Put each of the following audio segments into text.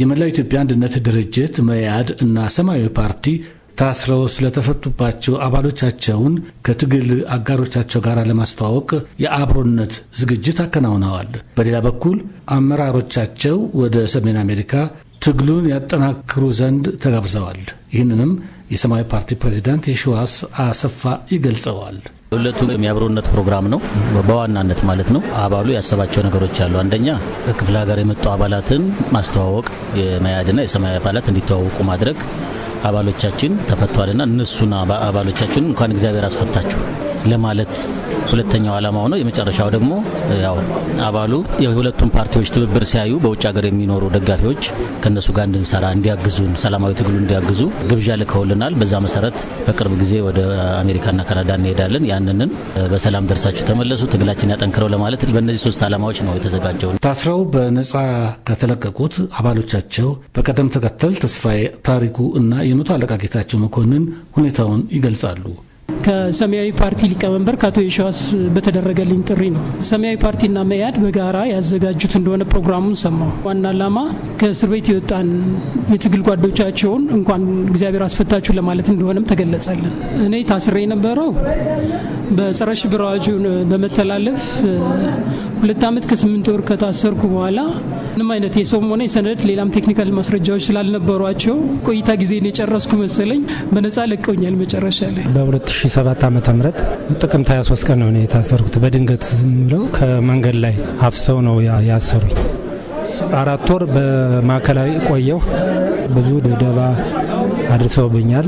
የመላው ኢትዮጵያ አንድነት ድርጅት መያድ እና ሰማያዊ ፓርቲ ታስረው ስለተፈቱባቸው አባሎቻቸውን ከትግል አጋሮቻቸው ጋር ለማስተዋወቅ የአብሮነት ዝግጅት አከናውነዋል። በሌላ በኩል አመራሮቻቸው ወደ ሰሜን አሜሪካ ትግሉን ያጠናክሩ ዘንድ ተጋብዘዋል። ይህንንም የሰማያዊ ፓርቲ ፕሬዚዳንት የሸዋስ አሰፋ ይገልጸዋል። ሁለቱ የአብሮነት ፕሮግራም ነው። በዋናነት ማለት ነው። አባሉ ያሰባቸው ነገሮች አሉ። አንደኛ ከክፍለ ሀገር የመጡ አባላትን ማስተዋወቅ፣ የመያድና የሰማያዊ አባላት እንዲተዋወቁ ማድረግ። አባሎቻችን ተፈቷልና እነሱና አባሎቻችን እንኳን እግዚአብሔር አስፈታችሁ ለማለት ሁለተኛው ዓላማ ነው። የመጨረሻው ደግሞ ያው አባሉ የሁለቱም ፓርቲዎች ትብብር ሲያዩ በውጭ ሀገር የሚኖሩ ደጋፊዎች ከእነሱ ጋር እንድንሰራ እንዲያግዙን፣ ሰላማዊ ትግሉ እንዲያግዙ ግብዣ ልከውልናል። በዛ መሰረት በቅርብ ጊዜ ወደ አሜሪካና ካናዳ እንሄዳለን። ያንንን በሰላም ደርሳችሁ ተመለሱ፣ ትግላችን ያጠንክረው ለማለት በእነዚህ ሶስት ዓላማዎች ነው የተዘጋጀው። ታስረው በነጻ ከተለቀቁት አባሎቻቸው በቀደም ተከተል ተስፋዬ ታሪኩ እና የመቶ አለቃ ጌታቸው መኮንን ሁኔታውን ይገልጻሉ። ከሰማያዊ ፓርቲ ሊቀመንበር ከአቶ የሸዋስ በተደረገልኝ ጥሪ ነው። ሰማያዊ ፓርቲና መያድ በጋራ ያዘጋጁት እንደሆነ ፕሮግራሙን ሰማው። ዋና ዓላማ ከእስር ቤት የወጣን የትግል ጓዶቻቸውን እንኳን እግዚአብሔር አስፈታችሁ ለማለት እንደሆነም ተገለጸልን። እኔ ታስሬ የነበረው በጸረ ሽብር አዋጁን በመተላለፍ ሁለት ዓመት ከስምንት ወር ከታሰርኩ በኋላ ምንም አይነት የሰውም ሆነ የሰነድ ሌላም ቴክኒካል ማስረጃዎች ስላልነበሯቸው ቆይታ ጊዜን የጨረስኩ መሰለኝ በነጻ ለቀውኛል። መጨረሻ ላይ በ2007 ዓ ም ጥቅምት 23 ቀን ነው የታሰርኩት። በድንገት ምለው ከመንገድ ላይ አፍሰው ነው ያሰሩኝ። አራት ወር በማዕከላዊ ቆየው ብዙ ድብደባ አድርሰውብኛል።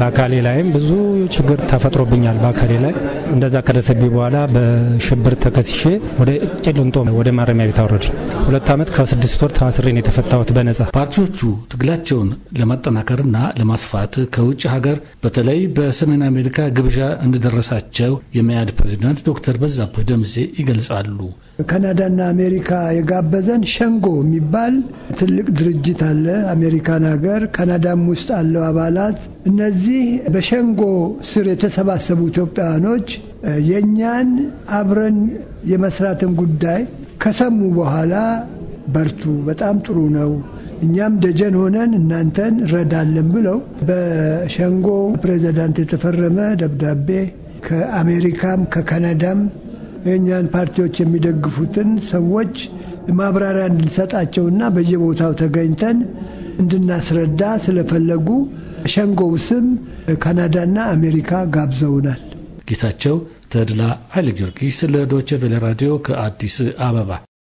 በአካሌ ላይም ብዙ ችግር ተፈጥሮብኛል። በአካሌ ላይ እንደዛ ከደረሰብኝ በኋላ በሽብር ተከስሼ ወደ ጭልንጦ ወደ ማረሚያ ቤት አወረዱኝ። ሁለት ዓመት ከስድስት ወር ታስሬ ነው የተፈታሁት በነጻ። ፓርቲዎቹ ትግላቸውን ለማጠናከርና ለማስፋት ከውጭ ሀገር በተለይ በሰሜን አሜሪካ ግብዣ እንደደረሳቸው የመያድ ፕሬዚዳንት ዶክተር በዛብህ ደምሴ ይገልጻሉ። ካናዳና አሜሪካ የጋበዘን ሸንጎ የሚባል ትልቅ ድርጅት አለ። አሜሪካን ሀገር ካናዳም ውስጥ አለው ያለው አባላት እነዚህ በሸንጎ ስር የተሰባሰቡ ኢትዮጵያውያኖች የእኛን አብረን የመስራትን ጉዳይ ከሰሙ በኋላ በርቱ፣ በጣም ጥሩ ነው፣ እኛም ደጀን ሆነን እናንተን እረዳለን ብለው በሸንጎ ፕሬዚዳንት የተፈረመ ደብዳቤ ከአሜሪካም ከካናዳም የእኛን ፓርቲዎች የሚደግፉትን ሰዎች ማብራሪያ እንድንሰጣቸውና በየቦታው ተገኝተን እንድናስረዳ ስለፈለጉ ሸንጎው ስም ካናዳና አሜሪካ ጋብዘውናል። ጌታቸው ተድላ ኃይለ ጊዮርጊስ ለዶቼ ቬለ ራዲዮ ከአዲስ አበባ